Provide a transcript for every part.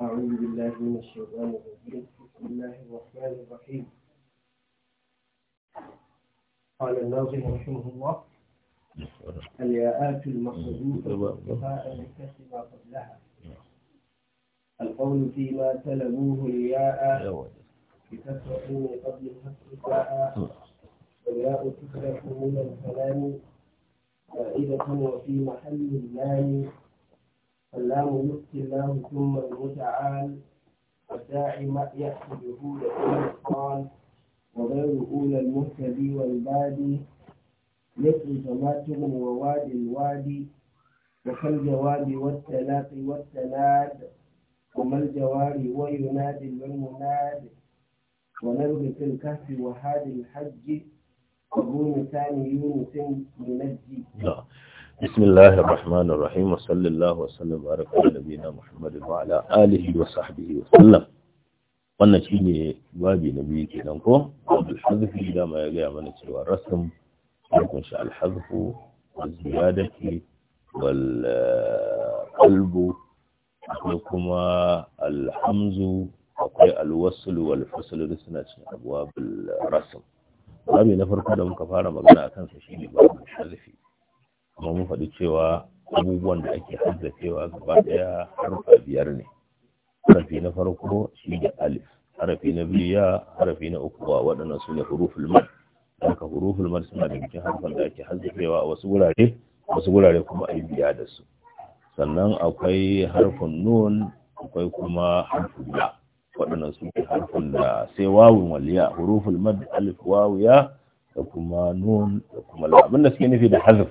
أعوذ بالله من الشيطان الرجيم بسم الله الرحمن الرحيم قال الناظم رحمه الله الياءات المحدودة والصفاء ما قبلها القول فيما تلبوه الياء بكثرة من قبل الفتح الياء والياء تكره من الكلام فائدة وفي محل اللام اللام يؤتي الله ثم المتعال والداعي ما يأتي جهود قال وغير أولى المهتدي والبادي مثل تماتر ووادي الوادي وكالجواب والتلاقي والتناد وما الجوار وينادي والمناد ونلغي في الكهف وهذه الحج وابو ثاني يونس ينجي بسم الله الرحمن الرحيم وصلى الله وسلم وبارك على نبينا محمد وعلى اله وصحبه وسلم wannan shine babi na biyu kenan ko abul hazfi da ma ya gaya mana cewa rasm ya kunshi al hazfu wa ziyadati wal qalbu akwai kuma al hamzu akwai al wasl wal fasl da suna cikin abwabul rasm babi na farko da muka fara magana akan sa shine babul hazfi kuma mun faɗi cewa abubuwan da ake cewa gaba ɗaya harfa biyar ne harafi na farko shi ne alif harafi na biyu ya harafi na uku ba waɗannan su ne huruful mad ka huruful mad suna da cikin harfan da ake haddacewa a wasu wurare wasu wurare kuma a yi biya da su sannan akwai harfin nun akwai kuma harfin ya waɗannan su ne harfin da sai wawun waliya huruful da alif wawu ya da kuma nun da kuma la da suke nufi da hazf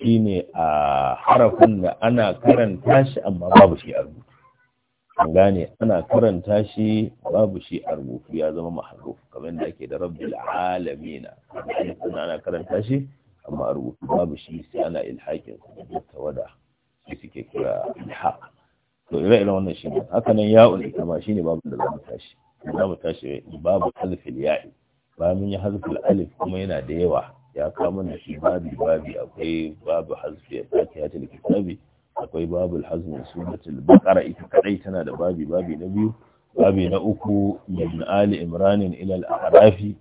shine a harafin da ana karanta shi amma babu shi a rubutu an gane ana karanta shi babu shi a rubutu ya zama maharuf kamar da ake da rabbil alamina ana karanta shi amma a rubutu babu shi sai ana ilhakin da wada shi suke kira ilhaq to ire iren wannan shi ne haka nan ya'ul ita ma shine babu da za mu tashi mu tashi babu alfil ya'i bayan ya hazfil alif kuma yana da yawa ya kama da shi babi babi akwai babu hazfi a fatihatul kitabi akwai babu hazmi suratul baqara ita kadai tana da babi babi na biyu babi na uku Ibn ali imran ila al arafi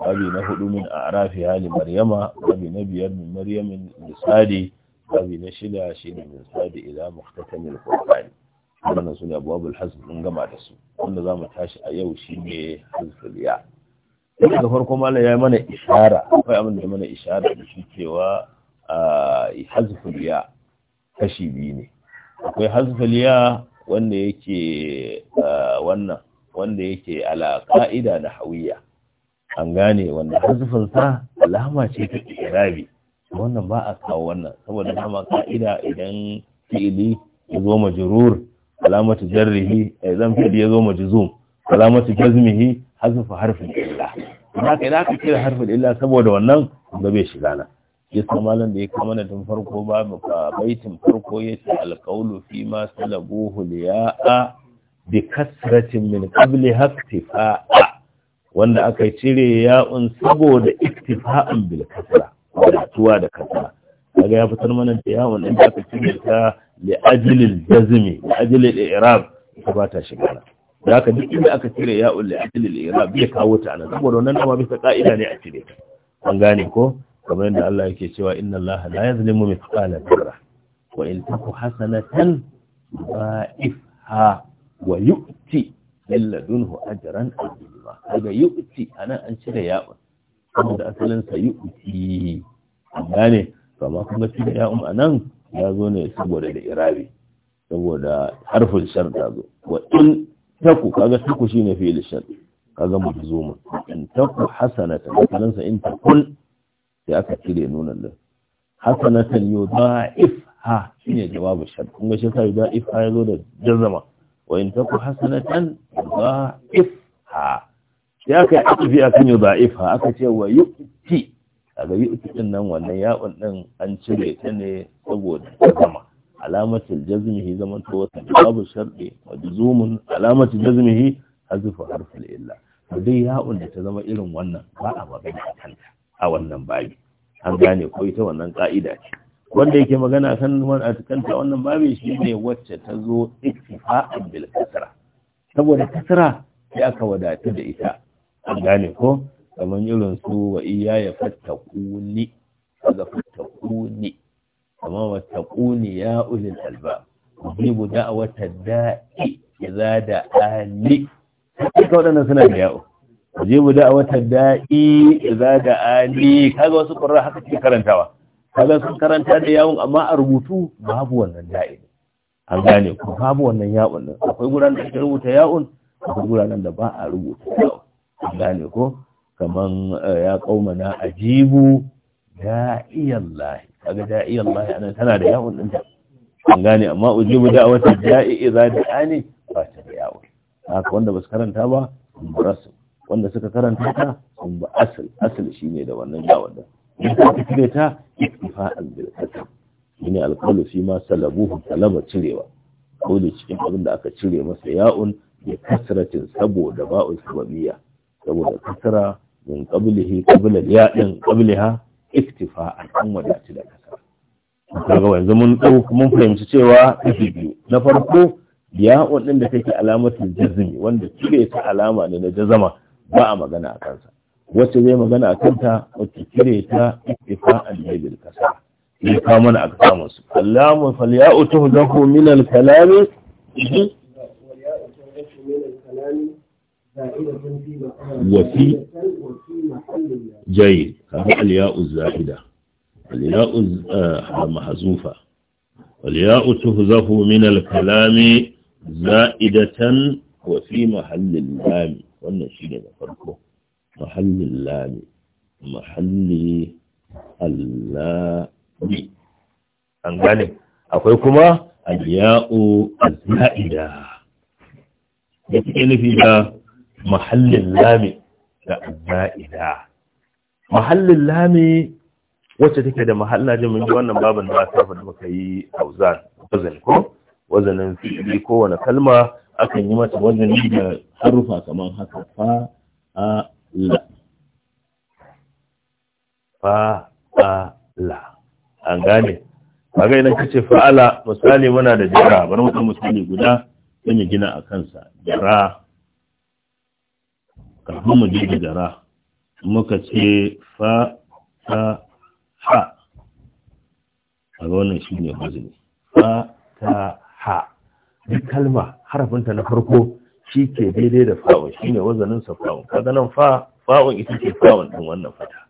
babi na hudu min arafi hali maryama babi na biyar min maryamin misadi babi na shida shine min sadi ila muhtatamil qur'ani wannan babu abwabul hazm mun gama da su wanda zamu tashi a yau shine hazful ina da farko mala ya mana ishara akwai abin da mana ishara da shi cewa a kashi biyu ne akwai hazfuliya wanda yake wannan wanda yake ala ka'ida na hawiya an gane wanda sa alama ce ta irabi wannan ba a kawo wannan saboda alama ka'ida idan fi'ili ya zo majrur alamatu jarrihi eh, idan fi'ili ya zo majzum alamatu jazmihi hazfa harfin amma kai da aka kira harfin illa saboda wannan ga bai shiga nan yasa malam da ya kama da tun farko ba mu baitin farko ya ce alƙaulu fi ma salabuhu liya'a bi kasratin min qabli haktifa'a wanda aka cire ya'un saboda iktifa'an bil kasra wadatuwa da kasra kaga ya fitar mana da yawon din da aka cire ta li ajlil jazmi li ajlil i'rab ita ba ta shiga da haka duk inda aka cire ya ulle a tilil irab bai kawo ta nan saboda wannan dama bisa ka'ida ne a cire ta an gane ko kamar yadda Allah yake cewa inna Allah la yazlimu mithqala dharra wa in taku hasanatan ba'ifha wa yu'ti min ladunhu ajran azima kaga yu'ti anan an cire ya saboda asalin sa yu'ti an gane amma kuma cire ya um anan ya zo ne saboda da irabi saboda harfin sharda zo wa in taku kaga taku shine fi'il shar kaga mujzuma in taku kaman sa in takun sai aka cire nunan din hasanatan ha shine jawabu shar kun ga shi sai ha yazo da jazama wa in taku hasanatan ha sai aka tafi akan ha? aka ce wa yu'ti kaga yu'ti din nan wannan ya'un din an cire ta ne saboda jazama علامه jazmihi zaman to wata babu sharɗi wa juzumun alamatul jazmihi hazifu harful illa to dai ya'un da ta zama irin wannan ba a magana a kanta a wannan babi an gane ko ita wannan ka'ida ce wanda yake magana kan a cikin kanta wannan babi shi ne wacce ta zo iktifa'an bil kasra saboda kasra sai aka wadatu da ita an gane ko kamar irin su wa iyaya fattakuni kaga fattakuni amma wattaquni ya ulil alba ujibu wata da'i da ali kaga wadannan suna da yawo ujibu wata da'i da ali kaga wasu qurra haka ke karantawa kaga sun karanta da yawon amma a rubutu babu wannan da'i an gane ko babu wannan yawon nan akwai guran da ake rubuta yawon akwai guran da ba a rubuta yawon an gane ko kaman eh, ya qaumana ajibu da'iyallahi kaga da'i Allah ana tana da yawon ta. an gane amma ujubu da wata da'i idza da'ani ba ta da yawun. haka wanda ba karanta ba sun rasu wanda suka karanta ta sun ba asal asal shine da wannan yawon da in ka ta istifa'an bil kasab shine alqalu fi ma salabuhu talaba cirewa ko da cikin abin da aka cire masa ya'un bi kasratin saboda ba'u sababiyya saboda kasra min qablihi qabla ya'in qablaha iktifa an wadatu da kasa kaga yanzu mun mun fahimci cewa kashi biyu na farko ya ɗin da take alamatin jazmi wanda cire ta alama ne na jazama ba a magana a kansa wacce zai magana a kanta wacce cire ta iktifa an da kasa ya kawo mana a kasa su alamun falya'u tuhu zaku min minan kalami وفي جيد هذا الياء الزائدة الياء محذوفة الياء تهذف من الكلام زائدة وفي محل اللام والنشيد فرقه محل اللام محل اللام an أقولكما الياء الزائدة يتكين في ذا mahallin lami ga za'ida mahallin lami wacce take da mahalla jin mun ji wannan babin da aka faɗa muka yi auzan wazan ko wazanin fi'ili ko wani kalma akan yi mata wazani da harufa kamar haka fa a la fa a la an gane idan kace fa'ala misali muna da jira bari mu misali guda sai mu gina a kansa jira kafin mu je da gara muka ce fa ta ha a ga wannan shi ne wazini fa ta ha duk kalma harafinta na farko shi ke daidai da fa'un shi ne wazanin sa fa'un kaga nan fa fa'un ita ce fa'un din wannan fata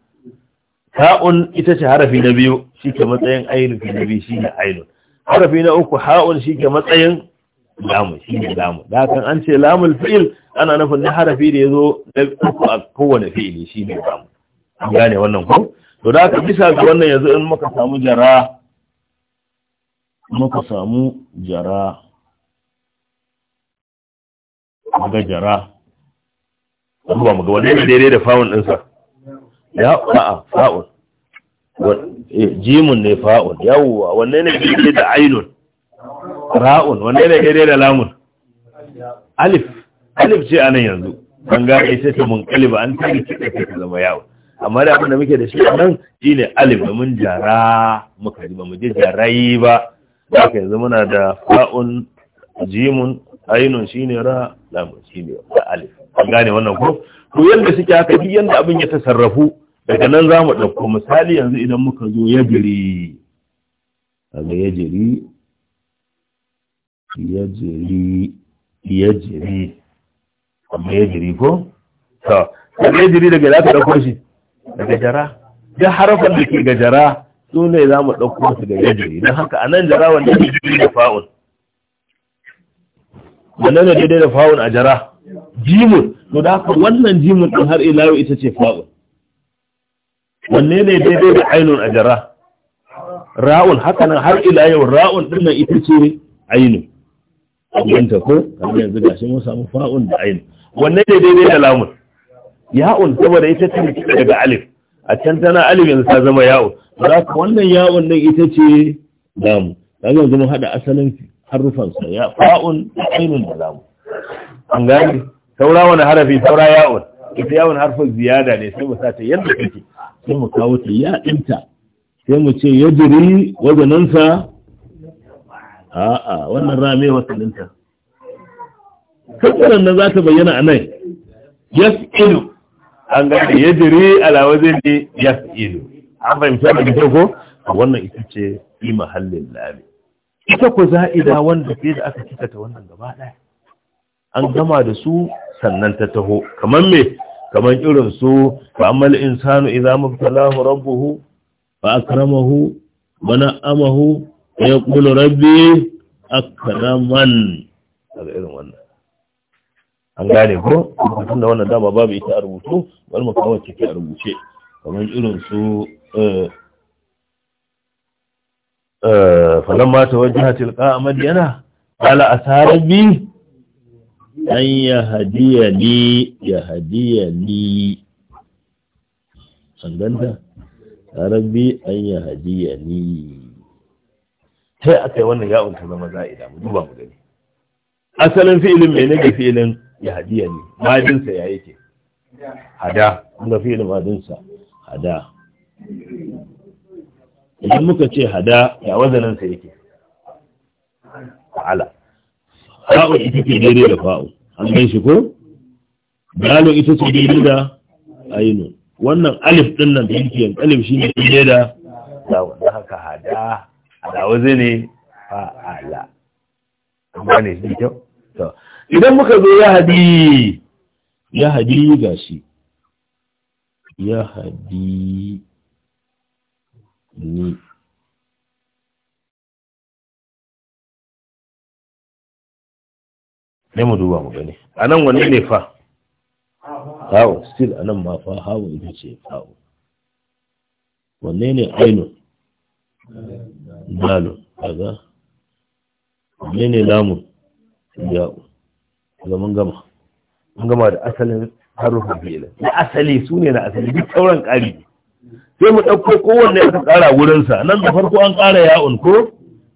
Faun ita ce harafi na biyu shi ke matsayin ainihin na biyu shi ne ainihin harafi na uku ha'un shi ke matsayin lamu shi ne lamu da kan an ce lamul fi'il ana nufin na harafi da ya zo da uku a kowane fi'ili shi ne lamu an gane wannan ko to da ka bisa ga wannan yanzu in muka samu jara muka samu jara ga jara zuwa muga wanda yana daidai da fa'un ɗinsa ya fa'a fa'un eh, jimun ne fa'un yawwa wannan ne da ainun ra'un wanda ne dai da lamun alif alif ce anan yanzu an ga sai ta mun kaliba an ta kiɗa ta zama yawo amma da abin da muke da shi nan shine alif da mun jara muka ji ba mu je jarai ba haka yanzu muna da fa'un jimun ainun shine ra lamun shine alif an gane wannan ko to yanda suke haka duk yanda abin ya tasarrafu daga nan za mu ɗauko misali yanzu idan muka zo ya biri kaga ya jiri yajiri yajiri amma yajiri ko to sai yajiri daga za ka dauko shi daga jara duk harafan da ke ga jara dole za mu ɗauko su ga yajiri don haka a nan jara wanda ke jiri da fa'un wannan ne daidai da fa'un a jara jimun to da haka wannan jimun ɗin har ila yau ita ce fa'un wanne ne daidai da ainun a jara ra'un haka nan har ila yau ra'un din nan ita ce ainun abinta ko kamar yanzu shi mun samu fa'un da ayin wanne ne daidai da lamun ya'un saboda ita ce daga alif a can tana alif yanzu ta zama ya'un za ka wannan ya'un nan ita ce lamu kaga yanzu mun hada asalin harufan sa ya fa'un da ainun da lamu an gani saura wani harafi saura ya'un ita ya'un harfin ziyada ne sai mu sa ta yadda kake sai mu kawo ta ya'inta sai mu ce yajri wajanansa a'a wannan rame wasalinta kakkaran nan za ta bayyana a nan yas ilu an gane ya jiri alawazin ne yas ilu an fahimta da kyau ko wannan ita ce fi mahallin lami ita ku za'ida wanda ke da aka cika ta wannan gaba ɗaya an gama da su sannan ta taho kamar me kamar irin su fa amal insanu idza mubtalahu rabbuhu fa akramahu wa na'amahu ya kula rabbi akraman daga irin wannan an gane ko rubutun da wannan dama babu ita a rubutu bari mu kawo ciki a rubuce kamar irin su ma ta wajaha tilqa madyana qala asarabi an yahdiya li yahdiya li sanganta rabbi an yahdiya li sai aka yi wannan ya'un ta zama za'ida mu duba mu gani asalin fi'ilin mai ne ga fi'ilin ya hadiya ne madinsa ya yake hada ga fi'ilin madinsa hada idan muka ce hada ya wazanansa yake ala fa'u ita ce daidai da fa'u an gan shi ko dalo ita ce daidai da ainu wannan alif din nan da yake alif shine daidai da da haka hada ala wazini fa'ala amma ne shi kyau to idan muka zo ya hadi ya hadi shi ya hadi ni ne mu duba mu gani a nan wani ne fa hawo still a nan ma fa hawo ita ce hawo wanne ne ainihin dalu kaga ne lamun ya'u kaga mun gama mun gama da asalin harufin fi'ilin na asali su ne na asali duk sauran ƙari sai mu ɗauko kowanne aka ƙara wurinsa nan da farko an ƙara ya'un ko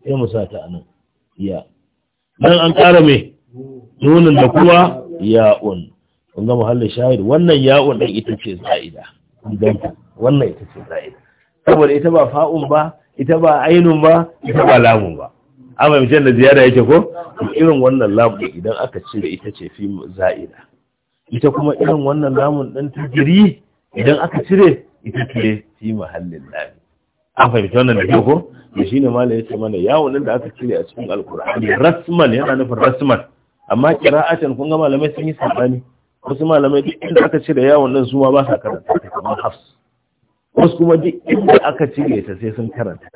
sai mu sa ta nan ya nan an ƙara mai nunin da kuma ya'un kun ga muhallin shahid wannan ya'un ɗin ita ce za'ida wannan ita ce za'ida saboda ita ba fa'un ba ita ba ainun ba ita ba lamun ba an mutum da ziyara yake ko irin wannan lamun idan aka ce da ita ce fi za'ida ita kuma irin wannan lamun ɗan ta idan aka cire ita ce fi mahallin lami an fahimci wannan da ke ko da shi ne mala ya ce mana yawon da aka cire a cikin alkur'ani rasman yana nufin rasman amma kira'atan kun ga malamai sun yi sabani wasu malamai duk inda aka cire yawon nan su ma ba sa karanta kamar hafs wasu kuma duk inda aka cire ta sai sun karanta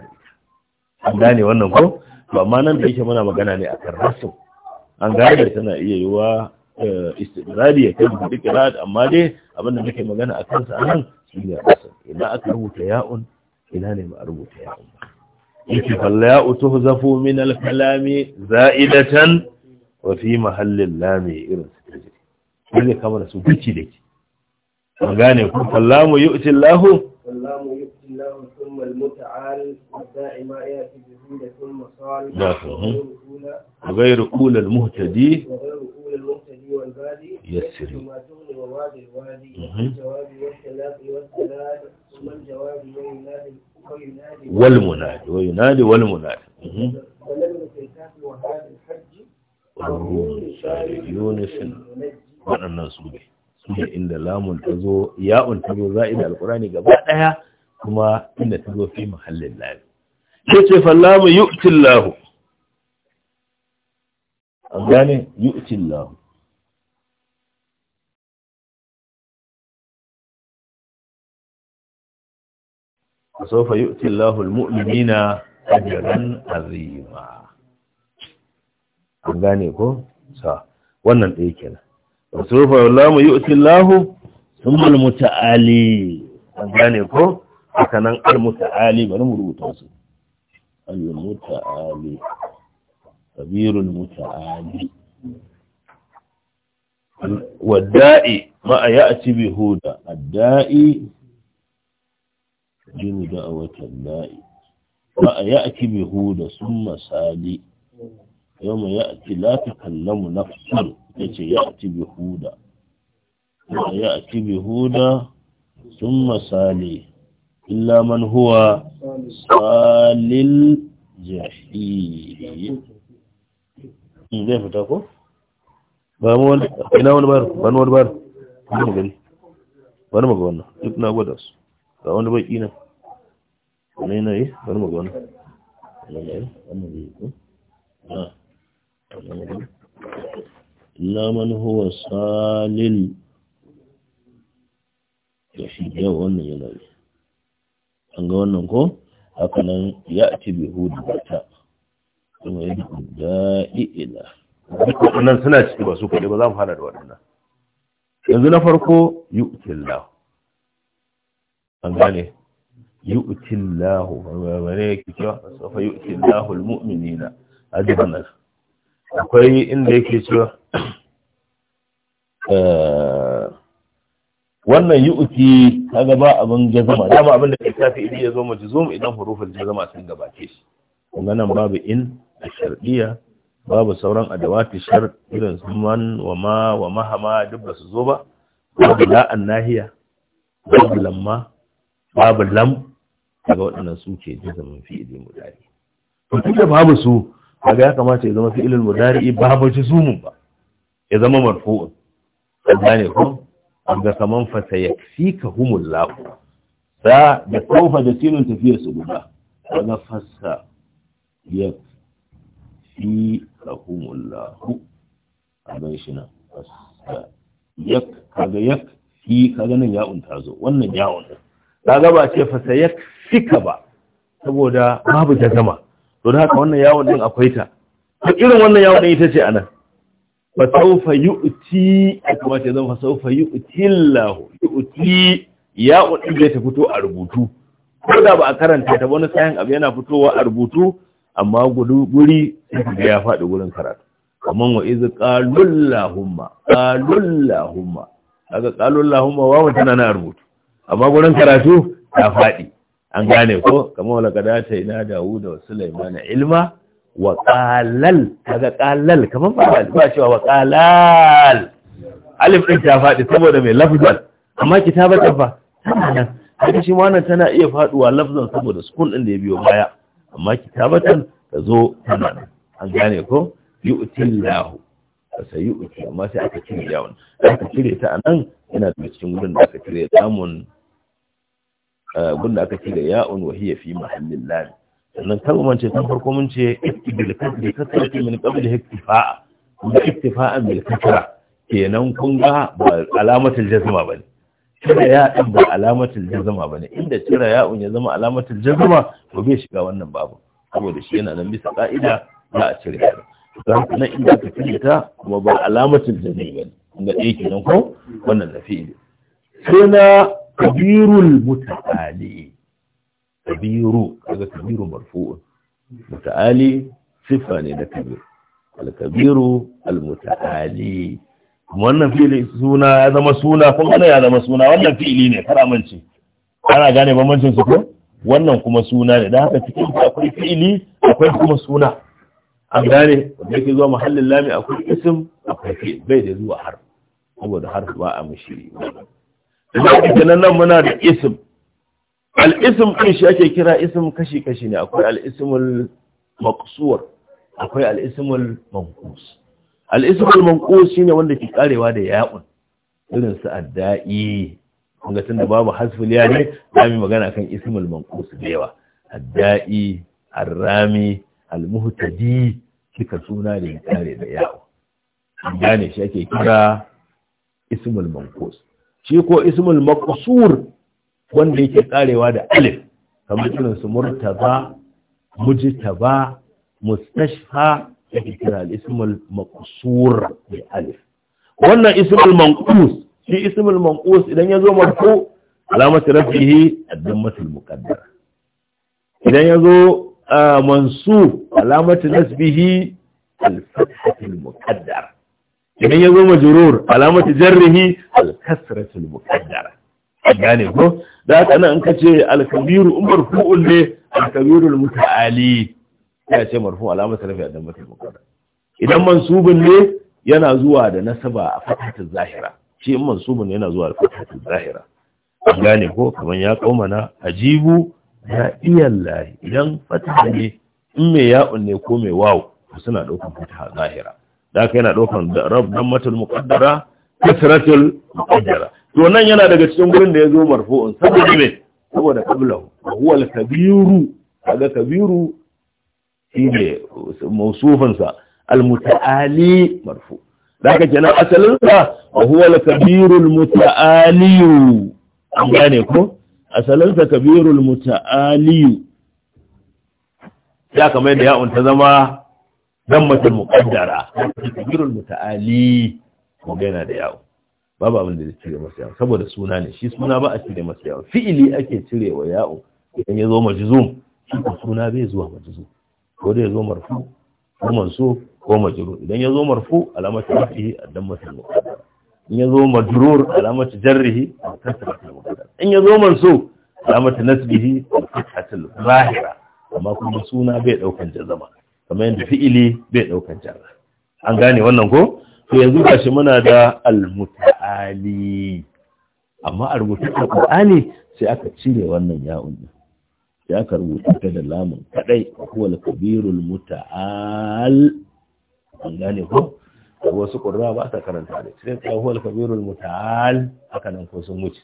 an gane wannan ko to amma nan da yake muna magana ne a kan rasu an gane tana iya yi wa eh, istidradi ya kai da kira'at amma dai abinda muke magana a kansa anan ne rasu idan aka rubuta ya'un ina ne mu a rubuta ya'un ba yake falla ya'u zafu min al-kalami za'idatan wa fi mahallin lami irin su tajiri ne kama da su da dake an gane ko kallamu yu'ti Allahu واللام يؤتي الله ثم المتعال والدائما ياتي بهند ثم صال وغير أولى المهتدي وغير أولى المهتدي والبادي يسر ما تغني ووادي الوادي الجواب والخلاف والسلاد ثم الجواب وينادي وينادي والمنادي وينادي والمنادي ولم يتكافي وهذا الحج وهو من يونس وأنا به su inda lamun ta zo ya'un ta zo za'i da alƙurani gaba ɗaya kuma inda ta zo fi muhallin lafi ya ce fallamu yu'tin lahu an gane yu'tin lahu فسوف يؤتي الله المؤمنين أجرا عظيما an gane ko sa wannan ɗaya kenan wa sufa wallahu yu'ti Allahu thumma al-muta'ali an gane ko haka nan al-muta'ali bari mu rubuta su a والدائي ما يأتي بهدى الدائي جن دعوة ما يأتي بهدى ثم سالي yawma ya'ti la takallamu nafsun yace ya'ti bi huda ya'ti bi huda thumma sali illa man huwa salil jahim hmm, zai fita ko ba mu wani ina wani bar wani bar wannan duk na gwada su ga wani baki na yi wannan hmm. illa man huwa salil da shi yau wannan yana ne an ga wannan ko haka nan ya ci hudu da ta. kuma ya daɗi ila waɗannan suna ciki ba su kuɗi ba za mu hana da waɗannan yanzu na farko yi utillahu an gane yi utillahu wane ya kike wa sofa yi utillahu al-mu'minina ajiyar akwai inda yake cewa eh, wannan yi uki ta gaba abin jazama dama abin da ke tafi iri ya zo mace zo idan hurufin jazama sun gabace shi kuma nan babu in a shardiya babu sauran adawati shar irin su man wa ma wa mahama duk ba su zo ba babu la'an nahiya babu lamma babu lam daga waɗannan su ke jazama fi idin mutane to babu su kaga ya kamata ya zama fi'ilul mudari'i ba ba juzumun ba ya zama marfu'un ka gane ko ga kaman fa sayakfika humullahu sa da saufa da sinun tafiyar su guda kaga fassa ya fi kahumullahu a gan shi nan fassa yak kaga yak fi kaga nan ya'un ta zo wannan ya'un kaga ba ce fassa yak ba saboda babu ta zama don haka wannan yawon din akwai ta Ko irin wannan yawon din ita ce anan fa sawfa yu'ti kuma ce zan fa sawfa yu'ti Allah yu'ti ya ta fito a rubutu ko da ba a karanta ta wani sayan abu yana fitowa a rubutu amma guri ya faɗi gurin karatu kaman wa iz qalullahumma qalullahumma kaga qalullahumma tana na rubutu amma gurin karatu ta faɗi an gane ko kamar wala kada ta ina dawo da Sulaiman ilma wa qalal kaga qalal kamar ba ba cewa wa qalal alif din ta fadi saboda mai lafzan amma kitabatan ba tana nan haka shi ma nan tana iya faduwa lafzan saboda sukun din da ya biyo baya amma kitabatan ta zo tana nan an gane ko yu'tillahu sa yu'ti amma sai aka cire yawon aka cire ta anan yana da cikin gudun da aka cire samun. gunda eh, aka ce da ya'un wa hiya fi mahallin lam sannan kalmar ce san farko mun ce bil kasri kasrati min qabl iktifa'a mun iktifa'a bil kasra kenan kun ga ba alamatul jazma bane cire ya'un ba alamatul jazma bane inda cire ya'un ya zama alamatul jazma to bai shiga wannan babu saboda shi yana nan bisa ka'ida za a cire ya'un dan nan inda ka cire ta kuma ba alamatul jazma bane inda yake nan ko wannan lafi'i sai na kabirul muta'ali kabiru kaga kabiru marfu'un muta'ali sifa ne da kabir al-kabiru al-muta'ali wannan fili suna ya zama suna Kuma ana ya zama suna wannan fili ne kar amince ana gane bambancin su ko wannan kuma suna ne dan haka cikin akwai fili akwai kuma suna an gane wanda yake zuwa muhallin lami akwai isim akwai fi'il bai da zuwa har saboda har ba a mushi da nan muna da ism al'isim ɗin shi ake kira isim kashi-kashi ne akwai al'isimul akwai al'isimul mankus al'isimul mankus shi ne wanda ke karewa da ya'un irin su adda'i tun da babu ya ne za mu magana kan isimul mankus da yawa adda'i arrami almuhtadi kika suna da ya kare da ya'un gane shi ake kira isimul mankus shi ko ismul maqsur wanda yake karewa da alif kamar irin su murtaba mujtaba mustashfa yake kira al-ismul maqsur bi alif wannan ismul manqus shi ismul manqus idan yazo marfu alamat rafihi ad-dammatul muqaddara idan yazo ah, mansub alamat nasbihi al-fathatul muqaddara idan ya zo majurur alamatu jarrihi al-kasratul muqaddara gane ko da haka nan ka ce al-kabiru umar fu'ul ne al-kabiru al-muta'ali ya ce marfu alamatu rafi'a dan mutum muqaddara idan mansubun ne yana zuwa da nasaba a fatatul zahira shi in mansubun yana zuwa da fatatul zahira gane ko kaman ya na, ajibu ya iyallahi idan fataha ne in me ya'un ne ko me wawu suna daukan fataha zahira da aka yana ɗaukan da rab don matul muƙaddara kasratul muƙaddara to nan yana daga cikin gurin da ya zo marfu'un saboda me saboda qablahu wa huwa al-kabiru kaga kabiru shine mausufin sa al-muta'ali marfu da aka kenan asalin sa wa huwa al-kabiru al-muta'ali an gane ko asalin sa kabiru al-muta'ali ya kamar da ya ta zama Dan ذمة المقدرة الكبير المتعالي magana da yawo babu abin da cire masa yawo saboda suna ne shi suna ba a cire masa yawo fi'ili ake cire wa yawo idan ya zo majzum shi suna bai zuwa majzum ko da ya zo marfu ko mansu ko majrur idan ya zo marfu alamatu rafihi dan masal muqaddar in ya zo majrur alamatu jarrihi tasratul muqaddar in ya zo mansu alamatu nasbihi fathatul zahira amma kuma suna bai daukan jazama kamar yadda fi'ili bai ɗaukan jara an gane wannan ko to yanzu kashi muna da almuta'ali amma a rubuta da sai aka cire wannan ya'un sai aka rubuta ta da lamun kadai kuwa al-kabirul muta'al an gane ko wasu ƙurra ba ta karanta da sai ta huwa al-kabirul muta'al haka nan ko sun wuce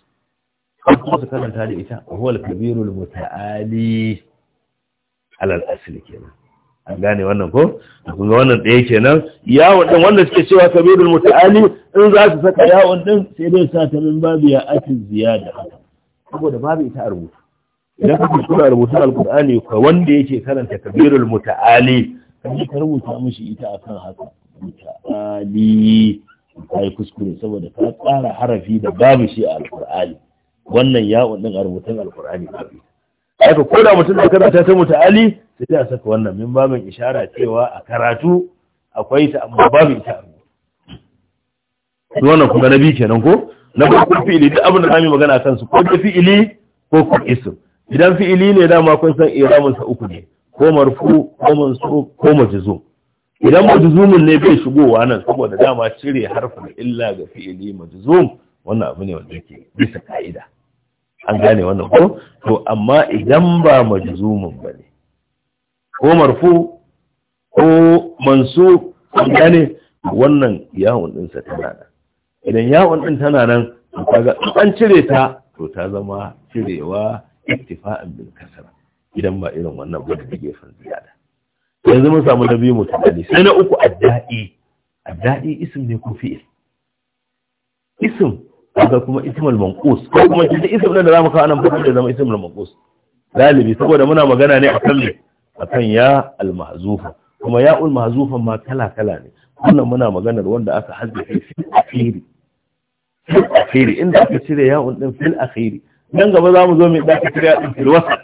kuma su karanta da ita kuwa al-kabirul muta'ali alal asli kenan an gane wannan ko a kunga wannan ɗaya kenan yawon ɗin wanda suke cewa kabirul muta'ali in za su saka yawon ɗin sai dai sa ta min babu ya atin ziyada saboda babu ita a rubutu idan ka kuskura a rubutun alkur'ani ka wanda yake karanta kabirul muta'ali ka ka rubuta mishi ita akan haka muta'ali ka yi kuskure saboda ka tsara harafi da babu shi a alkur'ani wannan yawon ɗin a rubutun alkur'ani babu ko da mutum da karanta ta mutu Ali, sai dai a saka wannan min babin ishara cewa a karatu akwai ta amma babu ita wannan kuma na biyu kenan ko na farko fi'ili duk abin da zamu magana kan su ko da fi'ili ko kun isim idan fi'ili ne dama kun san iramin sa uku ne ko marfu ko mansub ko majzum idan majzumun ne bai shigowa nan saboda dama cire harfin illa ga fi'ili majzum wannan abu ne wanda yake bisa ka'ida an gane wannan ko to amma idan ba majzumun bane ko marfu ko mansu an gane wannan yawon din sa tana nan idan yawon din tana nan kaga an cire ta to ta zama cirewa ittifa'an bil kasra idan ba irin wannan ba da san ziyada yanzu mun samu nabi mutadali sai na uku addai addai ism ne ko fi'il ism ga kuma ismul manqus ko kuma shi ism da zamu kawo nan fa da zama ismul manqus galibi saboda muna magana ne akan me akan ya al mahzufa kuma ya ul mahzufa ma kala kala ne wannan muna maganar wanda aka hazzafe fil akhiri fil akhiri inda aka cire ya ul din fil akhiri nan gaba zamu zo mai da aka cire ya din fil wasat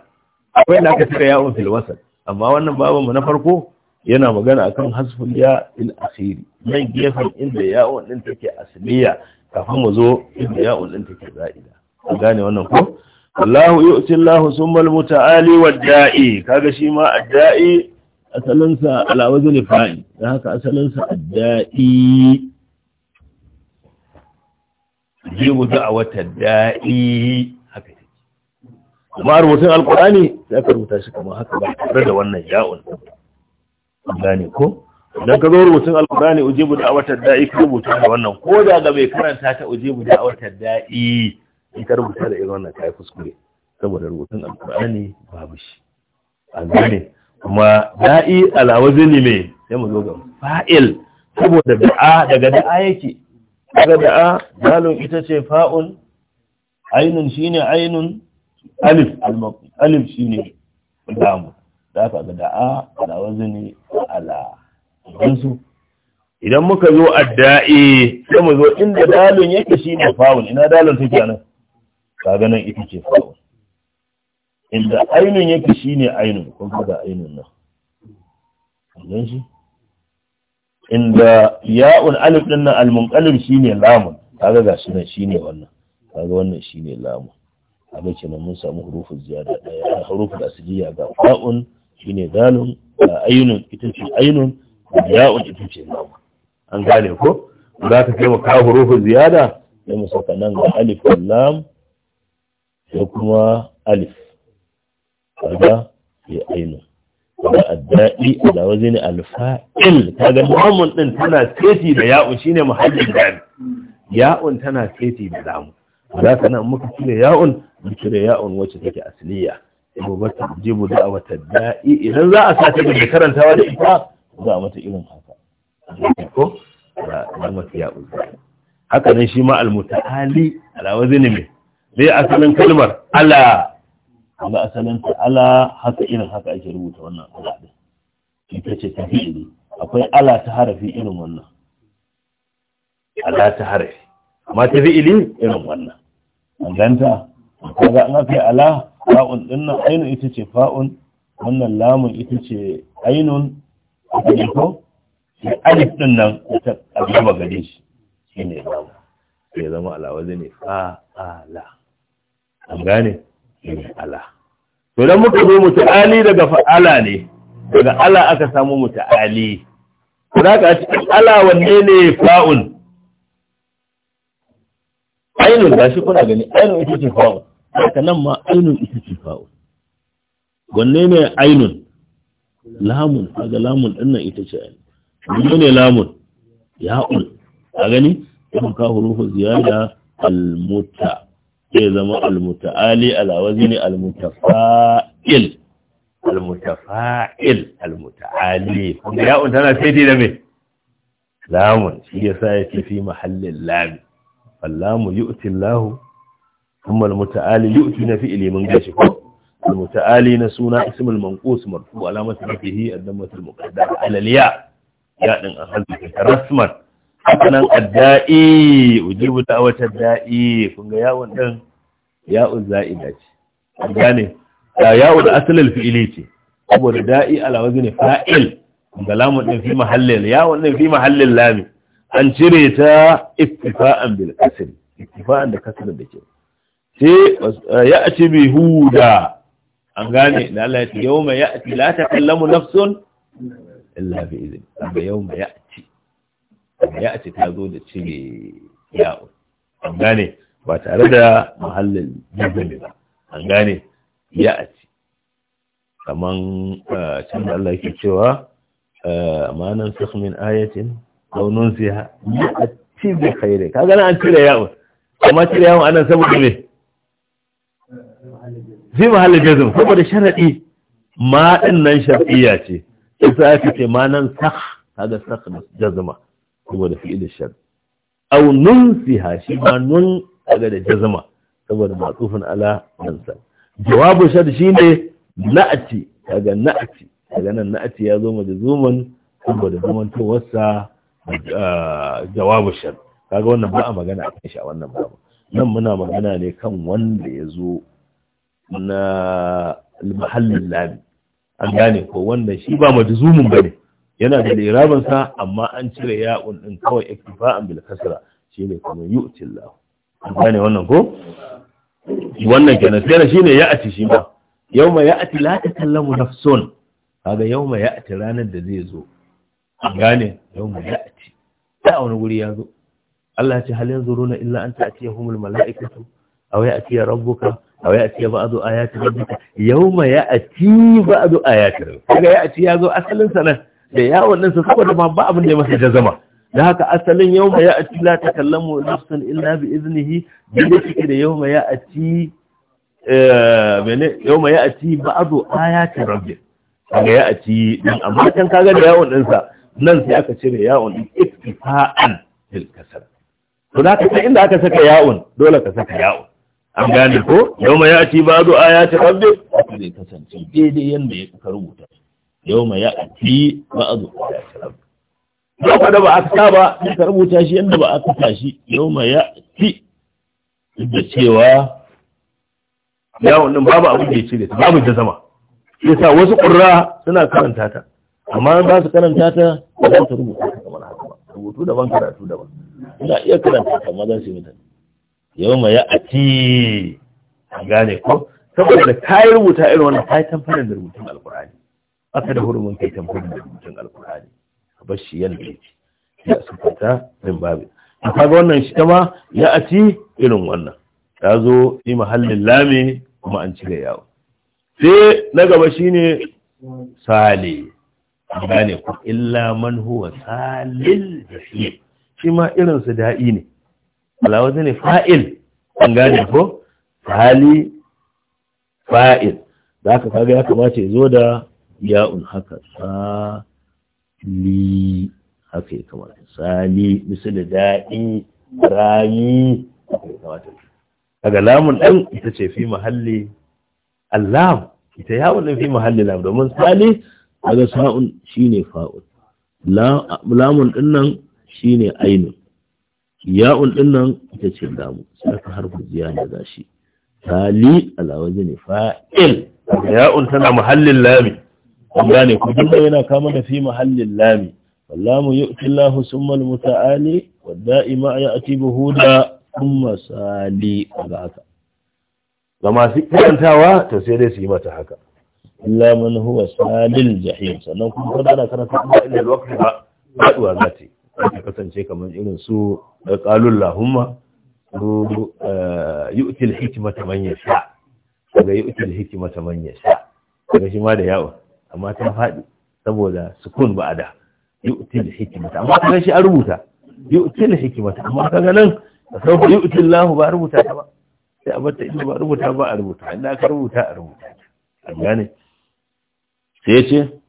akwai da aka cire ya ul fil wasat amma wannan babu mu na farko yana magana akan hasful ya il akhiri nan gefen inda yawon din take asliya kafin mu zo inda ya ulun take za'ida ka gane wannan ko Allahu yu'ti Allahu summal muta'ali wad da'i kaga shi ma adda'i dai asalin sa ala ne fa'i dan haka asalin sa adda'i dai jibu da'awata da'i haka take kuma rubutun alqur'ani sai ka rubuta shi kamar haka ba tare da wannan ya'un ka gane ko dan ka zo rubutun alqur'ani ujibu da'watar da'i ka rubuta da wannan ko da ga bai karanta ta ujibu da'watar da'i in ka rubuta da irin wannan kai kuskure saboda rubutun alqur'ani babu shi an gane kuma da'i alawazini ne sai mu zo ga fa'il saboda da'a daga da'a yake daga da'a dalun ita ce fa'un ainun shine ainun alif alif shine lamu da aka ga da'a alawazini ala su idan muka zo adda'i sai mu zo inda dalun yake ne fa'ul ina dalon take nan kaga nan ita ce fa'ul inda ainun yake ne ainun kun ga ainun nan kun shi inda ya'un alif din nan al-munqalib ne lamun kaga gashi nan ne wannan kaga wannan shi ne lamun kaga nan mun samu hurufin ziyada daya hurufin asliya ga fa'un ne dalun ainun ita ce ainun ya'un ita ce an gane ko za ka kai wa ka hurufin ziyada da mu saka nan ga alif lam da kuma alif kaga ya ainu da adda'i ala wazni alfa'il kaga lamun din tana seti da ya'un shine muhallin da ya'un tana seti da lamu za ka nan muka cire ya'un mu cire ya'un wacce take asliya gobe ta jibu da'awata da'i idan za a sa ta da karantawa da ita za mata irin haka ko da mata ya uzu haka nan shi ma almuta'ali ala wazini me me asalin kalmar ala amma asalin ta ala haka irin haka ake rubuta wannan ala din ita ce ta fi'ili akwai ala ta harafi irin wannan ala ta harafi amma ta fi'ili irin wannan an ganta kaga an aka ala fa'un din nan ainun ita ce fa'un wannan lamun ita ce ainun a ko sai alif din nan ta azaba gare shi shi ne zama sai zama alawazi ne fa'ala an gane shi ne ala to dan muka zo muta'ali daga fa'ala ne daga ala aka samu muta'ali to daga a cikin ala wanne ne fa'un ainun gashi kuna gani ainun ita ce fa'un haka nan ma ainun ita ce fa'un wanne ne ainun lamun kaga lamun din ita ce ayi ne lamun ya'un a gani kuma ka hurufu ziyada almuta zai zama almuta Fa'il. Almuta Fa'il. Almuta Ali. kuma ya'un tana sai da mai. lamun shi ya sa yasa yake fi mahallin lam fallamu yu'ti Allahu kuma almuta'ali yu'ti na fi ilimin gashi ko المتعالي نسونا اسم المنقوص مرفوع علامة رفعه الدمة المقدرة على الياء ياء يعني أخذت رسما حسنا الدائي أجيب دعوة الدائي كن ياء ودن ياء الزائدة يعني ياء الأصل الفئلي أبو الدائي على وزن فائل كلام ودن في محل الياء ودن في محل اللام an cire ta ittifa'an bil kasri ittifa'an da kasrin da ke sai ya ci bi huda an gane da Allah ya ce yau mai ya ci la ta kallamu nafsun illa bi izin amma yau mai ya ci ya ta zo da cire ya'u an gane ba tare da muhallin jazali ba an gane ya ci kaman ah, can da Allah ke cewa ah, ma nan sakh ayatin aw nunsiha ya ci bi khairi kaga an cire ya'u amma cire ya'u anan saboda me zai fi mahalli jazm saboda sharaɗi ma ɗin nan shar'iyya ce isa aka ce ma nan sakh kaga na jazma saboda ilin shar nun nunsiha shi ma nun kaga da jazma saboda tsufin ala nan sa jawabu shar shine na'ati kaga na'ati kaga nan na'ati ya zo zuman saboda wasa ah, jawabu shar kaga wannan ba a magana a kan shi a wannan babu nan muna magana ne kan wanda ya zo na mahallin lami an gane ko wannan shi ba majzumun bane yana da iraban sa amma an cire ya'un din kawai iktifa'an bil kasra shine kamar yu'ti Allah an gane wannan ko wannan kenan sai da shine ya'ati shi ma yawma ya'ati la takallamu nafsun kaga yawma ya'ati ranar da zai zo an gane yawma ya'ati da wani guri ya zo Allah ya ce hal yanzuruna illa an ta'tiyahumul mala'ikatu aw ya'ti rabbuka aw ya'ti ba'du ayati rabbika yawma ya'ti ba'du ayati rabbika kaga ya'ti yazo asalin sa nan da yawon nan saboda ba abin da ya masa jazama da haka asalin yawma ya'ti la takallamu nafsun illa bi iznihi da take da yawma ya'ti mene yawma ya'ti kaga amma kan kaga da yawon ɗinsa, nan sai aka cire yawon din ittifa'an bil kasra to da ka inda aka saka yawon dole ka saka yawon an gane ko yau ma ya ci ba zo a ya ci rabbi haka zai kasance daidai yadda ya kuka rubuta yau ma ya ci ba zo a ya ci rabbi ba ka da ba a kasa ba ka rubuta shi yadda ba a kasa shi yau ma ya ci da cewa ya wannan babu abin da ya cire ta babu da zama sa wasu ƙurra suna karanta ta amma ba su karanta ta ba za ta rubuta ta kamar haka ba rubutu daban karatu daban ina iya karanta ta amma za su yi mutane yau ma ya ati gane ko saboda ta yi rubuta irin wannan ta yi tamfanin da rubutun alkur'ani aka da hurumin kai tamfanin da rubutun alkur'ani bar shi da yake ya sufata babu a kaga wannan shi ma ya ati irin wannan ta zo yi mahallin lami kuma an cire yawo sai na gaba shi ne sale A gane ko illa man huwa salil shi ma irinsu da'i ne alawazi ne fa'il an gane ko hali fa'il da aka kaga ya kamata ya zo da ya'un haka sa, li, haka ya kamata sali misali da'i rayi haka ya kamata Daga lamun ɗan ita ce fi mahalli allam ita ya wani fi mahalli lam domin sali Daga sa'un shi ne fa'ul. lamun ɗin nan ne ainihin ya'un din nan ita ce damu sai ka harfu ziyada gashi tali ala wazni fa'il Ya'un tana muhallin lami an ne ku dinda yana kama da fi muhallin lami wallamu yu'ti Allahu summa mutaali Wa daima ya'ti buhuda kuma sali ga haka ga masu karantawa to sai dai su yi mata haka illa man huwa salil jahim sannan kuma kada ana karanta illa al-waqti ba faduwa zati ta kasance kamar irin su qalul lahumma yu'til hikmata man yasha daga yu'til hikmata man yasha daga shi ma da yawa amma ta faɗi saboda sukun ba da yu'til hikmata amma kaga shi a rubuta yu'til hikmata amma kaga nan sau ba yu'til lahu ba rubuta ta ba sai a bata ido ba rubuta ba a rubuta inda aka rubuta a rubuta a gane sai ya ce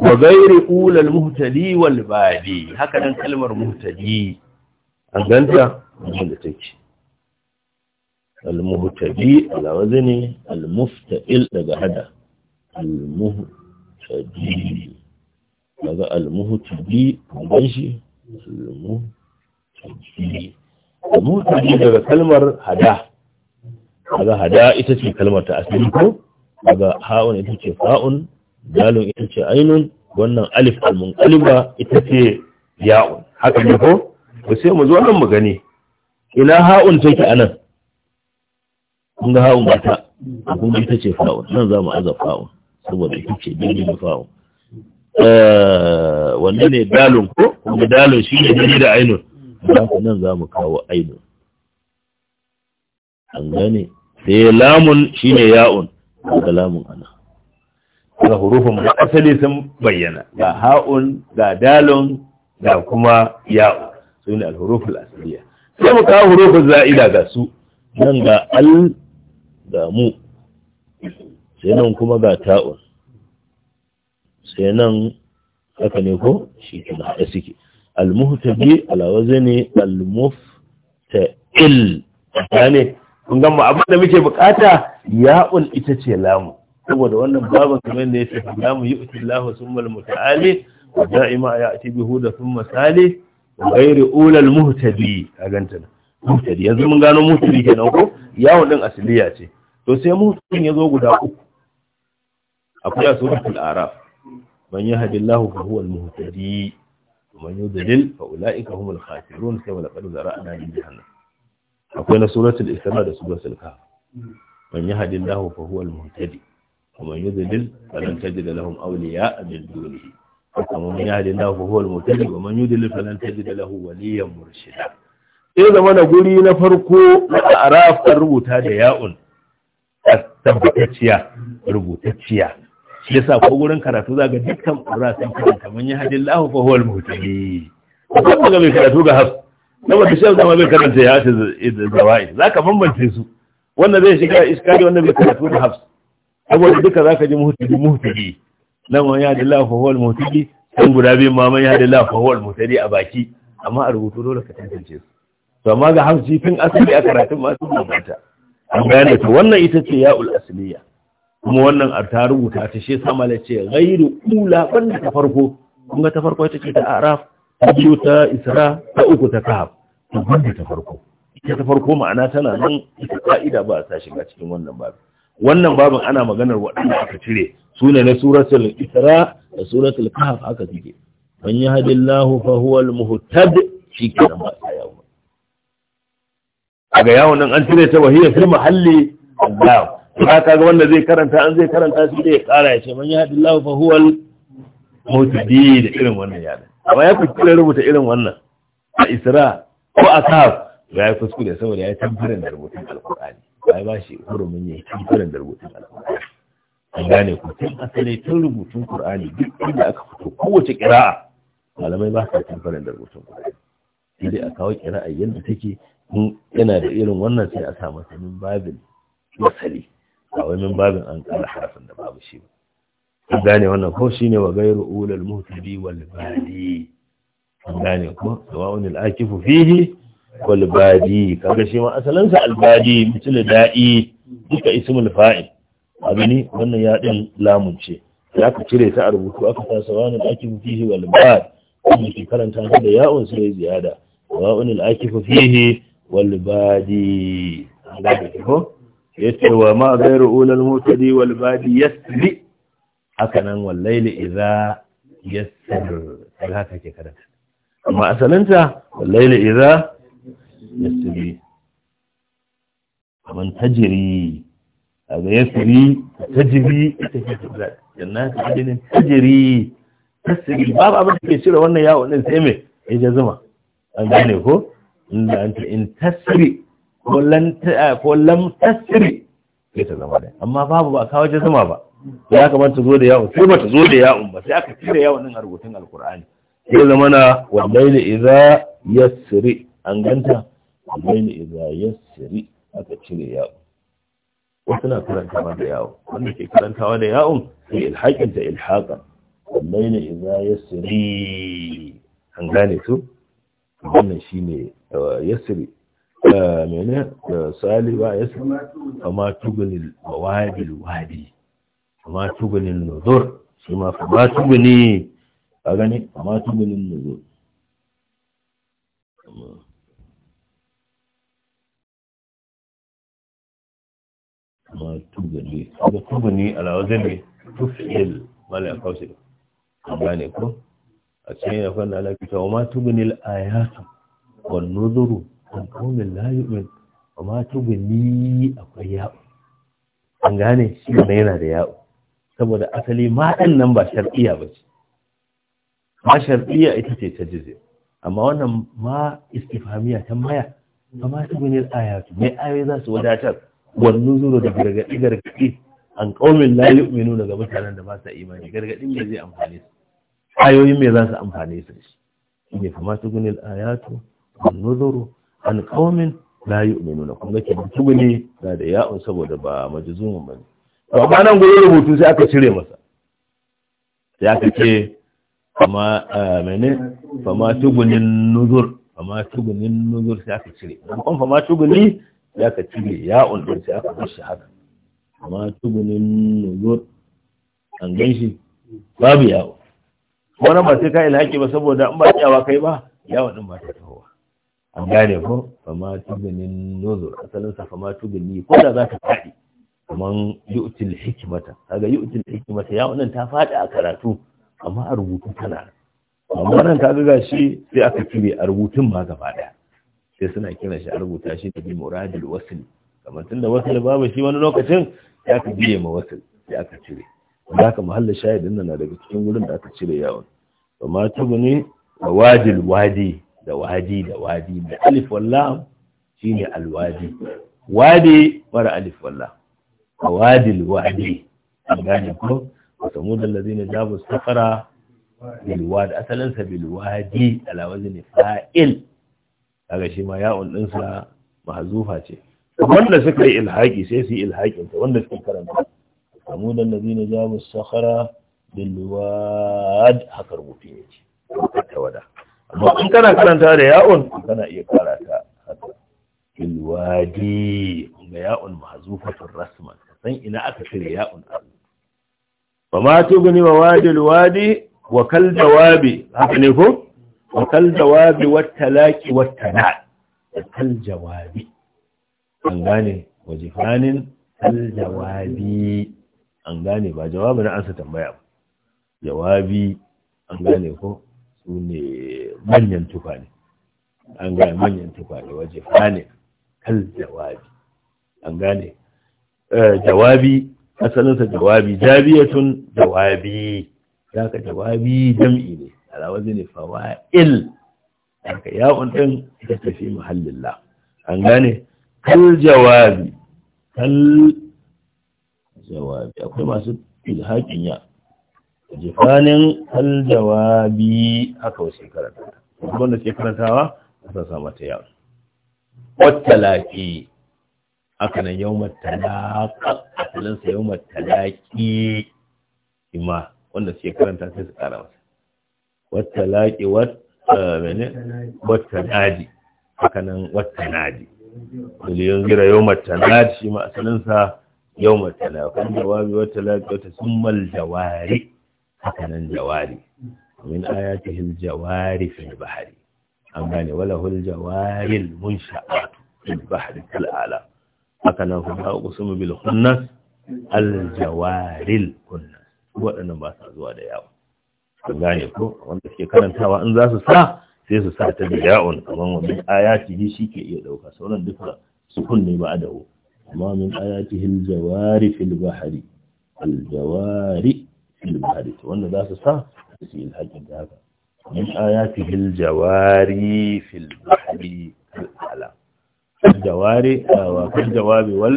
wa gairi ƙulal muhtadi wal badi haka nan kalmar muhtadi an ganta da take al-muhtadi al-wazni al-mufta'il daga hada al-muhtadi daga al-muhtadi ban al-muhtadi al-muhtadi daga kalmar hada daga hada ita ce kalmar ta asali ko daga ha'un ita ce fa'un dalun ita ce ainihin wannan alif almunqaliba ita ce ya'un haka ne ko ba sai mu zo nan mu gani ina ha'un take anan kun ga ha'un bata kun ita ce fa'un nan za mu aza fa'un saboda ita ce daidai da fa'un eh, wanne ne dalun ko kuma dalun shi ne daidai da ainihin za ku nan za mu kawo ainihin an gane sai lamun shi ne ya'un ga lamun ana Ga hurufin da asali sun bayyana ga ha'un ga dalon ga kuma ya'u su ne alhurufin asaliya sai mu kawo hurufin za'ida ga su nan ga al ga mu sai nan kuma ga ta'un sai nan haka ne ko shi ke na haɗe suke almuhtabi alawaze ne ta ne kun gama abin da muke bukata ya'un ita ce lamu saboda wannan babin kamar da ya ce la mu yu'ti sun summa al-muta'ali a da'ima ya'ti bihu da thumma sali a gairi ulal muhtadi a ganta muhtadi yanzu mun gano muhtadi kenan ko yawon din asiliya ce to sai muhtadin ya zo guda uku akwai suratul araf man dalil fa huwa al-muhtadi ومن يضلل فاولئك هم zara a لقد ذرانا لجهنم akwai na suratul isra da suratul kahf man yahdillahu fa huwa al-muhtadi ومن يضلل a تجد لهم أولياء من دونه ومن يهد الله فهو المهتدي ومن يضلل فلن تجد له وليا مرشدا sai zama na guri na farko na araf an rubuta da ya'un tabbatacciya rubutacciya shi yasa ko gurin karatu za ga dukkan ƙura sun karanta man yahdi Allah fa huwa al-muhtadi ko kuma mai karatu ga hafs na wata zama bai karanta ya ta zawai zaka bambance su wannan zai shiga iskari wannan bai karatu saboda duka ka ji muhtadi muhtadi nan wani ya dalla fa muhtadi guda biyu ma ya dalla fa muhtadi a baki amma a rubutu dole ka tantance su to amma ga hamsi tun asali a karatun masu sun An an da ta wannan ita ce ya'ul asiliya kuma wannan a ta rubuta ta shi sama da ce ghairu ula banda ta farko kun ga ta farko ita ce ta araf ta biyu ta isra ta uku ta kahf to banda ta farko ita ta farko ma'ana tana nan ita ka'ida ba a sa shiga cikin wannan babu wannan babin ana maganar waɗanda aka cire su ne na suratul isra da suratul kahf aka cike man yahdillahu fa huwa al-muhtad shi ke nan ba ta yawo aga yawo nan an cire ta wahiyar fi mahalli Allah ba ka ga wanda zai karanta an zai karanta shi da ya kara ya ce man yahdillahu fa huwa al-muhtadi da irin wannan yana amma ya cire rubuta irin wannan a isra ko a kahf ya yi kuskure saboda ya yi tamfarin da rubutun alkur'ani ba ya ba shi hurumin ya yi tamfarin da rubutun alkur'ani an gane ku tun asali tun rubutun qur'ani duk inda aka fito kowace kira'a malamai ba sa tamfarin da rubutun qur'ani sai dai a kawo kira'a yadda take in yana da irin wannan sai a samu sanin babin masali a wani babin an kara harafin da babu shi ba an gane wannan ko shine wa gairu ulul muhtabi wal bali an gane ko sawa'un al-akifu fihi walbadi kaga shi ma asalinsa albadi mutul da'i duka ismul fa'il a gani wannan ya din lamun ce ya ka cire ta a rubutu aka sa sawanin akif fihi walbad kuma ki karanta ta da ya'un sai ya ziyada wa'un al-akif fihi walbadi Allah ya ko yace wa ma ghayru ulal mutadi walbadi yasli haka nan wallaili idza yasr haka ke karanta amma asalinta wallaili idza kamar tajiri kaga yasri tajiri ta janna tajiri tajiri tasiri babu abin da ke cire wannan yawon ɗin sai me ya jazuma an gane ko inda ta in tasiri ko lam ta lam tasiri sai ta zama da amma babu ba kawo jazuma ba ya kamata zo da yawon sai ba ta zo da yawon ba sai aka cire yawon ɗin a rubutun alkur'ani sai zama na iza ya yasri an ganta iza ya yasri aka cire yawo wasu na karantawa da yawo wanda ke karantawa da yawo sai ilhaƙin ta ilhaƙa wannan yana iza ya siri an gane su wannan shi ne eh, ya siri eh, mene eh, saliba ya siri amma tugunin mawabil wadi amma tugunin nuzur shi ma fama tuguni a gani amma tugunin nuzur kuma tugani kuma tugani ala wajen ne tufil mala kausi an gane ko a cikin ya kwanna ala fita wa ma tugani ayatu wa nuzuru an kaumin la yu'min wa ma tugani akwai ya'u an gane shi ne yana da ya'u saboda asali ma dan nan ba shar'iyya ba ce ma shar'iyya ita ce ta jize amma wannan ma istifamiya ta maya ba ma tugani ayatu mai ayoyi za su wadatar wannan zuru da gargaɗi gargaɗi an ƙaumin layi umenu daga mutanen da ba sa imani gargaɗin me zai amfane su ayoyin me za su amfane su shi ne kama su gunil ayatu wannan zuru an ƙaumin layi umenu na kuma ke mutu ne na da ya'un saboda ba majizumin ba ne to amma nan gurin rubutu sai aka cire masa sai aka ce fama eh, mene fama tugunin nuzur fama tugunin nuzur sai aka cire fama sai aka cire ya din sai aka bar shi haka amma tubunin nuzur an gan shi babu yawo wani ba sai ka ilhaki ba saboda in ba tsayawa kai ba yawon din ba ta tahowa an gane ko fama tubunin nuzur asalin sa fama tubuni ko da za ta faɗi kaman yu'til hikmata kaga yu'til hikmata yawon nan ta faɗi a karatu amma a rubutu tana amma nan kaga gashi sai aka cire a rubutun ma gaba ɗaya sai suna kiran shi a rubuta shi da bi muradul wasl kamar tunda wasl babu shi wani lokacin ya ka biye ma wasl sai aka cire da haka mahallin shahidin nan na daga cikin wurin da aka cire yawon amma ta ne a wajil wadi da wadi da wadi da alif wallam shine alwadi wadi mara alif wallam a wadil wadi an gane ko وثمود الذين جابوا الصخرة بالواد أصلا بالوادي على وزن فائل kaga shi ma ya'un ɗinsa mahzufa ce wanda suka yi ilhaki sai su yi ilhakin ta wanda suka karanta samudan allazina jabu sakhara bil wad haka rubutun ce ta wada amma in kana karanta da ya'un kana iya karata haka bil wadi ga ya'un mahzufatun rasman san ina aka cire ya'un ba ma tugni wa wadi wa kal jawabi haka ne ko wakal jawabi wata laƙi wata na wakal jawabi an gane wajifanin kal jawabi an gane ba jawabi na an ansa tambaya ba jawabi an gane ko su ne manyan tufa ne an gane manyan tufa ne wajifanin kal jawabi an gane jawabi asalinsa jawabi jabiyatun jawabi Za ka jawabi jam'i ne ala wazni fawa'il haka ya'un din ita ce fi muhallin la an gane kal jawabi kal jawabi akwai masu ilhaƙin ya jifanin kal jawabi haka wasu karanta wanda ke karantawa ta sa mata yawon wattalaki aka nan yau matalaka asalinsa yau matalaƙi. ima wanda suke karanta sai su ƙara masa wata laƙi wata nadi hakanan wata miliyan zira yau mata nadi shi ma yau mata kan jawabi wata wata summal jawari hakanan jawari min hil jawari fil bahari an gane wala hul jawaril munsha'atu fil bahari kal hakanan kuma uqsimu bil khunnas al jawaril khunnas waɗannan ba sa zuwa da yawa an gane ko wanda suke karantawa in za su sa sai su sa ta da ya'un kamar wa min ayatihi shi ke iya ɗauka sauran duka sukun ne ba a dawo amma min ayatihi aljawari fil bahari aljawari fil bahari to wanda za su sa su yi alhakin da haka min ayatihi aljawari fil bahari al'ala aljawari wa kan jawabi wal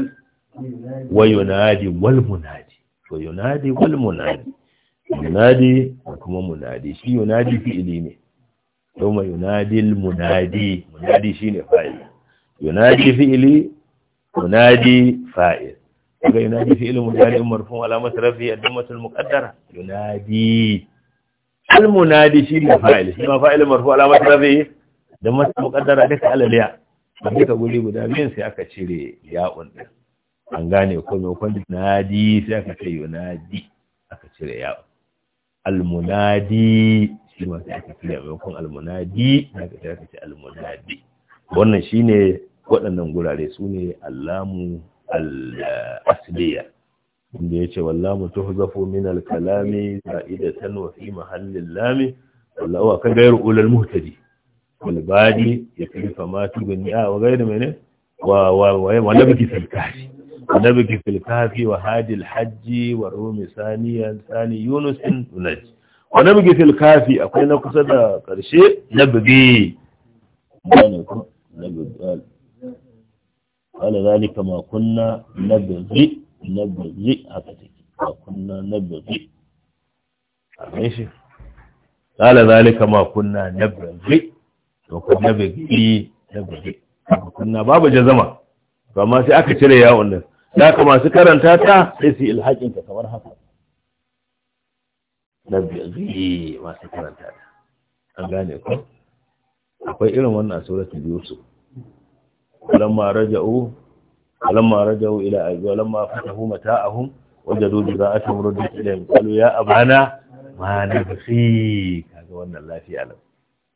wa yunadi wal munadi wa yunadi wal munadi yunadi da kuma munadi shi yunadi fi'ili ne kuma mai yunadil munadi munadi shine fa'il yunadi fi'ili munadi fa'il daga yunadi fi'ili munadi marfun alamat rafi addumatul muqaddara yunadi al munadi shi fa'il shi ma fa'il marfun alamat rafi addamat masu muqaddara duka alaliya a ka guri guda biyun sai aka cire ya'un din an gane ko ko nadi sai aka ce yunadi aka cire ya'un almunadi shi ma sai aka maimakon almunadi na ka aka ce almunadi wannan shine waɗannan gurare su ne allamu al-asliya inda ya ce wallamu tuhzafu min kalami sa'idatan wa Wafi, mahallin lami wallahu wa kan gairu ulal muhtadi wal badi ya kalifa ma tugni a wa gairu mene wa wa wa la biki salkashi nabiki fil kafi wa hadil hajji wa rumi sani yunus in tunaj wa nabiki fil akwai na kusa da karshe nabigi wala zalika a shi wala zalika babu jazama amma sai aka cire yawon nan da ka masu karanta ta sai su yi ilhakin kamar haka na biyu eh, masu karanta ta an gane ku akwai irin wannan suratul yusuf lamma raja'u lamma raja'u ila abi lamma fatahu mata'ahum wajadu jaza'atan ruddu ilayhim qalu ya abana ma nafsi kaga wannan lafiya lau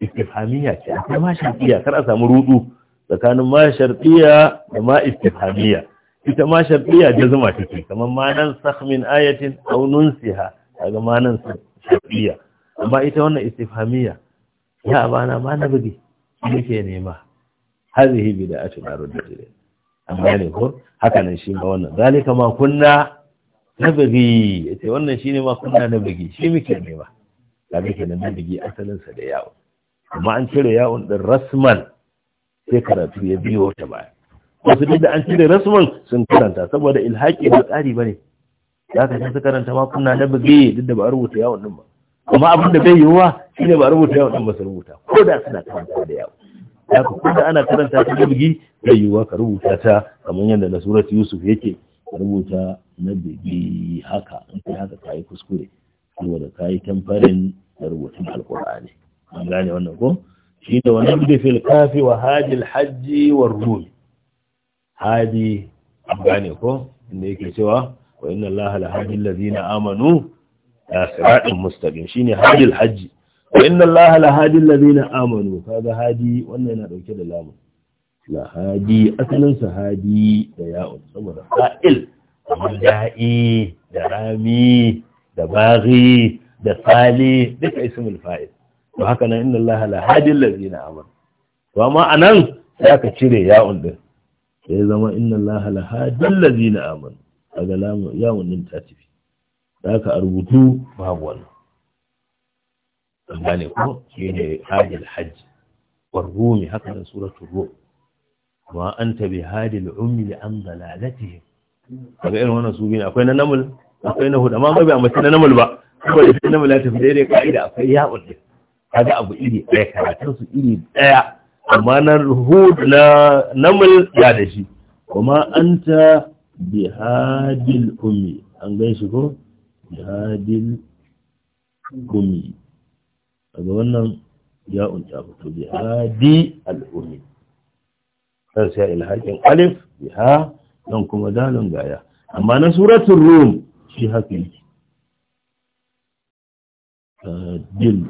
istifhamiyya ce akwai ma shartiya kar a samu rudu tsakanin ma shartiya da ma istifhamiyya ita ma shafiya jazma take kamar manan sakh min ayatin aw nunsiha kaga manan shafiya amma ita wannan istifhamiya ya abana ma na bugi muke nema hazihi bid'atu darud dajjal amma ne ko haka nan shi ma wannan zalika ma kunna nabigi yace wannan shine ma kunna nabigi shi muke nema kaga kenan nabigi asalin sa da yawo amma an cire yawon din rasman sai karatu ya biyo ta baya wasu duk da an cire rasman sun karanta saboda ilhaki ba tsari ne. ya ka sai karanta ma kunna na bugi duk da ba rubuta yawon din ba amma abin da bai yiwuwa shine ba rubuta yawon din ba su rubuta ko da suna karanta da yawo ya ka kuma ana karanta ta na bugi bai yiwuwa ka rubuta ta kamar yadda na surat yusuf yake ka rubuta na bugi haka in kai haka ka yi kuskure saboda yi tamfarin da rubutun alkur'ani an gane wannan ko shi da wannan bidifil kafi wa hajjil hajji wa rumi hadi an gane ko inda yake cewa wa inna allaha la hadi allazina amanu ya siratin mustaqim shine hadil hajji wa inna allaha la hadi allazina amanu kaga hadi wannan yana dauke da lamu la hadi asalin sa hadi da ya'un saboda fa'il da'i da rami da baghi da sali duka ismul fa'il to haka nan inna allaha la hadi allazina amanu to amma anan sai aka cire ya'un din sai zama inna allaha la hadal ladina amanu kaga lamu ya wannan tatifi tafi haka a rubutu babu wannan an gane ko shine hadil hajj war rumi haka da suratul rum wa anta bi hadil ummi li an dalalatihi kaga irin wannan su akwai na namul akwai na hudu amma ba bai mace na namul ba ko na namul ya tafi daidai ka'ida akwai ya ya'ul kaga abu iri ɗaya karatun su iri ɗaya amma na hud na namul ya da shi kuma anta bi hadil ummi an gan shi ko bi hadil ummi daga wannan ya unta fito bi hadi al ummi kan sai ilhakin alif Biha, ha kuma dalon gaya amma na suratul rum shi haka yake hadil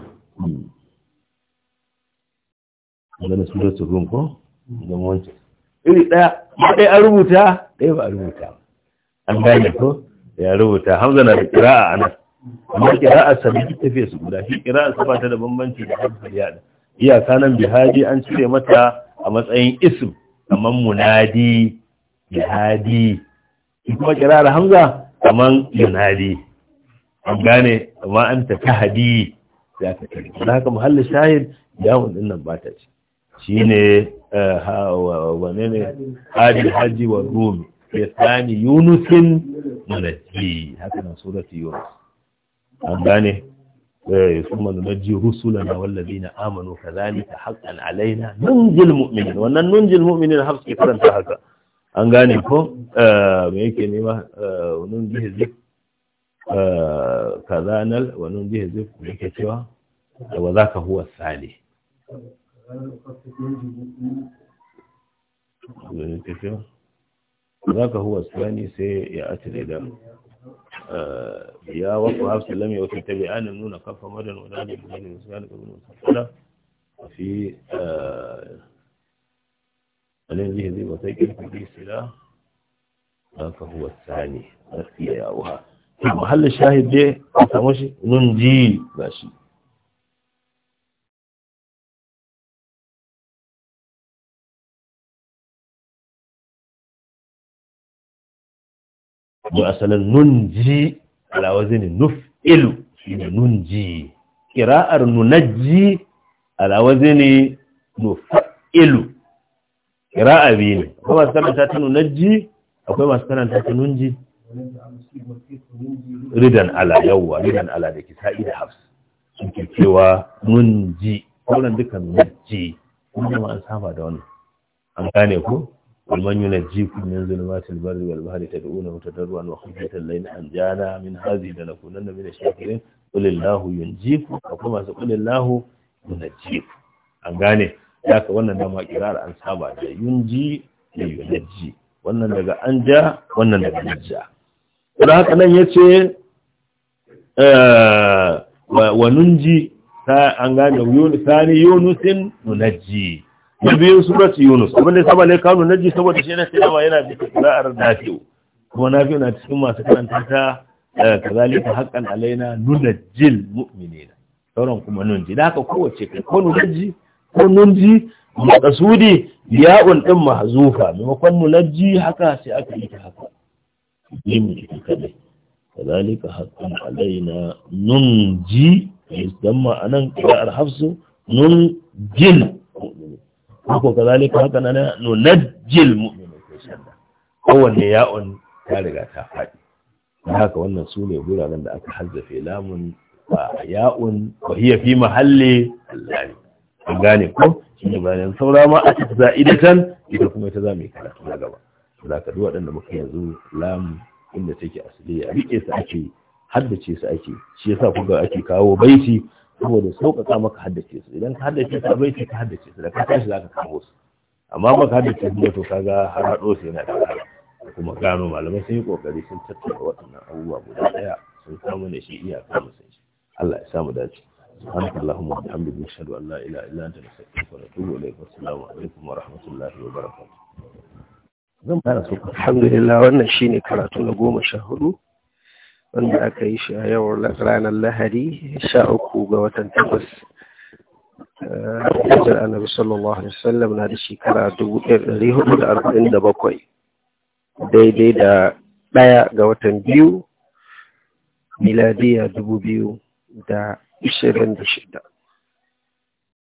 wanda suratul rum ko don wancan iri ɗaya ma ɗaya an rubuta ɗaya ba a rubuta an gane ko ya rubuta hamza na da kira'a a nan amma kira'a sa duk tafiya su guda shi kira'a sa ba ta da bambanci da hamza ya da iyaka nan bihaji an cire mata a matsayin isim kamar munadi bihadi kuma kira'a hamza kamar munadi. an gane amma an ta tahadi ya ta kare haka muhallin shahid ya ɗin nan ba ta ce Shine eh, wane ne haji haji wa rumi ya sani yunusin manaji haka na surati yunus an gane eh, ya su manaji rusula na wallabi na amanu ka zani ta haƙan alaina nunjil mu'minin wannan nunjil mu'minin har suke karanta haka an gane ko eh, me yake nema wannan jihar zik ka zanar wannan jihar zik da yake cewa da ba za ka huwa sali ذاك هو الثاني سيأتي الإدارة يا وقف حفص لم يوفي تبعان النون كف مدى ونال بن مسكان بن مسكان في الذي ذي وتجد في سلاح ذاك هو الثاني يا وها محل الشاهد ده تمشي نون جي ماشي do asalin nunji ala nuf ilu shine nunji qira'ar nunajji ala nuf ilu qira'a bi ne kuma sanata ta nunajji akwai masu karanta ta nunji ridan ala yawwa ridan ala da kisa'i da hafs sun ke cewa ji sauran dukan nunji kuma an saba da wannan an gane ku ومن ينجيكم من ظلمات البر والبحر تدعونه تضرعا وخفية لئن أنجانا من هذه لنكونن من الشاكرين قل الله ينجيكم وكما قل الله ينجيكم an gane ka wannan dama kirar an saba da yunji da yunajji wannan daga anja wannan daga najja kuma haka nan yace eh wa nunji an gane yunus thani yunusin nunajji da biyun surat yunus abinda ya saba ne kanu ji saboda shi na tilawa yana bisa kira'ar nafi'u kuma nafi'u na cikin masu karanta ta eh, kazalika haƙƙan alaina mu'mini na sauran kuma nunji da haka kowace kai ko nunji ko ji makasudi ya'un din mahzufa maimakon nunji haka sai aka yi ta haka yin ita kadai kazalika haƙƙan alaina nunji a ma'anan kira'ar hafsu nunjil mu'minina ko ka zalika haka nan nunajjil mu'minin ko shanda kowanne ya'on ta riga ta faɗi haka wannan su ne guraren da aka hazzafe lamun ba ya'un wa hiya fi mahalli allani an gane ko shi ne bayan saura ma a cikin za'idatan ita kuma ita za mu yi karatu na gaba za ka duwa dan da muka yanzu lamu inda take asali a riƙe su ake haddace su ake shi yasa kuka ake kawo baiti saboda sauƙaƙa maka haddace su idan ka haddace su abai ka haddace su da ka tashi za ka kamo su amma ba ka haddace su to ga har haɗo su yana da kuma gano malamai sun yi ƙoƙari sun tattara waɗannan abubuwa guda ɗaya sun samu da shi iyaka mu san Allah ya samu dace سبحانك اللهم وبحمدك نشهد ان لا اله الا انت نستغفرك ونتوب اليك والسلام عليكم ورحمه الله وبركاته. الحمد لله wannan shine karatu na goma sha hudu wanda aka yi shi a yau ranar lahari sha uku ga watan takwas hajjar eh, annabi sallallahu alaihi wasallam na da shekara dubu ɗari hudu da arba'in da bakwai daidai da ɗaya ga watan biyu miladiya dubu biyu da ishirin da shida